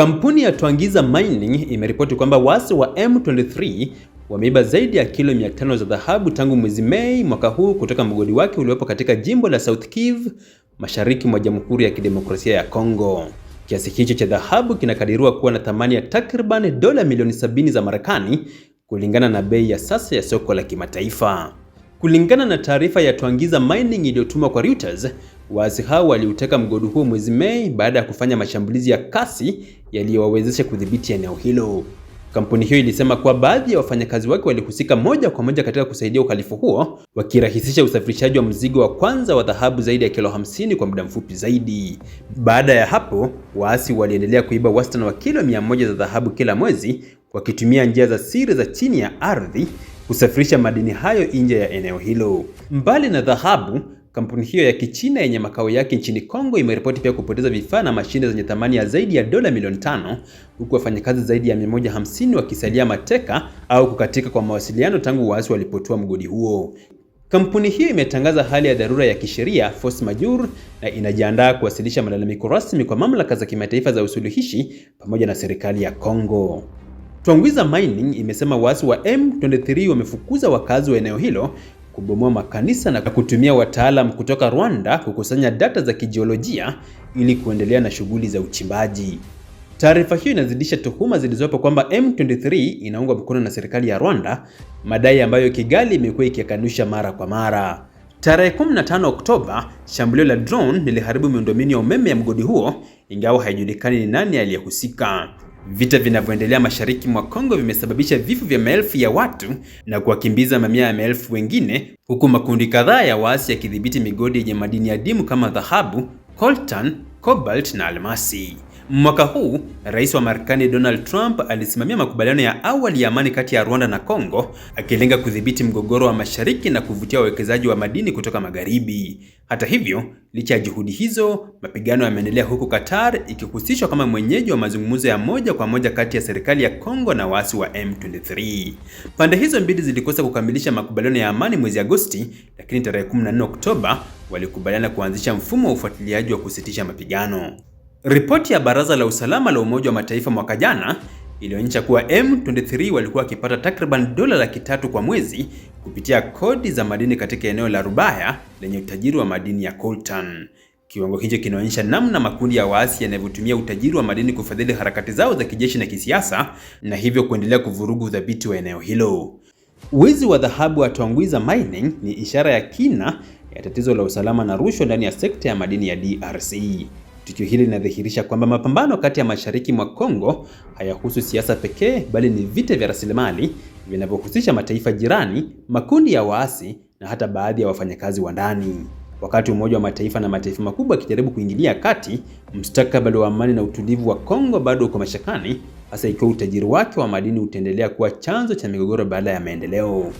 Kampuni ya Twangiza Mining imeripoti kwamba waasi wa M23 wameiba zaidi ya kilo 500 za dhahabu tangu mwezi Mei mwaka huu kutoka mgodi wake uliopo katika jimbo la South Kivu, mashariki mwa Jamhuri ya Kidemokrasia ya Kongo. Kiasi hicho cha dhahabu kinakadiriwa kuwa na thamani ya takriban dola milioni 70 za Marekani kulingana na bei ya sasa ya soko la kimataifa. Kulingana na taarifa ya Twangiza Mining iliyotumwa kwa Reuters, Waasi hao waliuteka mgodi huo mwezi Mei baada ya kufanya mashambulizi ya kasi yaliyowawezesha kudhibiti eneo hilo. Kampuni hiyo ilisema kuwa baadhi ya wafanyakazi wake walihusika moja kwa moja katika kusaidia uhalifu huo, wakirahisisha usafirishaji wa mzigo wa kwanza wa dhahabu zaidi ya kilo 50 kwa muda mfupi zaidi. Baada ya hapo, waasi waliendelea kuiba wastani wa kilo 100 za dhahabu kila mwezi, wakitumia njia za siri za chini ya ardhi kusafirisha madini hayo nje ya eneo hilo. Mbali na dhahabu Kampuni hiyo ya Kichina yenye makao yake nchini Kongo imeripoti pia kupoteza vifaa na mashine zenye thamani ya zaidi ya dola milioni tano huku wafanyakazi zaidi ya 150 wakisalia mateka au kukatika kwa mawasiliano tangu waasi walipotua mgodi huo. Kampuni hiyo imetangaza hali ya dharura ya kisheria force majeure na inajiandaa kuwasilisha malalamiko rasmi kwa mamlaka za kimataifa za usuluhishi pamoja na serikali ya Kongo. Tongwiza Mining imesema waasi wa M23 wamefukuza wakazi wa eneo hilo kubomoa makanisa na kutumia wataalam kutoka Rwanda kukusanya data za kijiolojia ili kuendelea na shughuli za uchimbaji. Taarifa hiyo inazidisha tuhuma zilizopo kwamba M23 inaungwa mkono na serikali ya Rwanda, madai ambayo Kigali imekuwa ikikanusha mara kwa mara. Tarehe 15 Oktoba, shambulio la drone liliharibu miundombinu ya umeme ya mgodi huo, ingawa haijulikani ni nani aliyehusika. Vita vinavyoendelea mashariki mwa Kongo vimesababisha vifo vya maelfu ya watu na kuwakimbiza mamia ya maelfu wengine, huku makundi kadhaa ya waasi yakidhibiti migodi yenye madini adimu kama dhahabu, coltan, cobalt na almasi. Mwaka huu rais wa Marekani Donald Trump alisimamia makubaliano ya awali ya amani kati ya Rwanda na Kongo, akilenga kudhibiti mgogoro wa mashariki na kuvutia wawekezaji wa madini kutoka magharibi. Hata hivyo, licha ya juhudi hizo, mapigano yameendelea huku Qatar ikihusishwa kama mwenyeji wa mazungumzo ya moja kwa moja kati ya serikali ya Kongo na waasi wa M23. Pande hizo mbili zilikosa kukamilisha makubaliano ya amani mwezi Agosti, lakini tarehe 14 Oktoba walikubaliana kuanzisha mfumo wa ufuatiliaji wa kusitisha mapigano. Ripoti ya Baraza la Usalama la Umoja wa Mataifa mwaka jana ilionyesha kuwa M23 walikuwa wakipata takriban dola laki tatu kwa mwezi kupitia kodi za madini katika eneo la Rubaya lenye utajiri wa madini ya coltan. Kiwango hicho kinaonyesha namna makundi ya waasi yanavyotumia utajiri wa madini kufadhili harakati zao za kijeshi na kisiasa na hivyo kuendelea kuvurugu udhabiti wa eneo hilo. Wizi wa dhahabu wa Tongwiza Mining ni ishara ya kina ya tatizo la usalama na rushwa ndani ya sekta ya madini ya DRC. Tukio hili linadhihirisha kwamba mapambano kati ya mashariki mwa Kongo hayahusu siasa pekee, bali ni vita vya rasilimali vinavyohusisha mataifa jirani, makundi ya waasi na hata baadhi ya wafanyakazi wa ndani. Wakati Umoja wa Mataifa na mataifa makubwa yakijaribu kuingilia kati, mustakabali wa amani na utulivu wa Kongo bado uko mashakani, hasa ikiwa utajiri wake wa madini utaendelea kuwa chanzo cha migogoro badala ya maendeleo.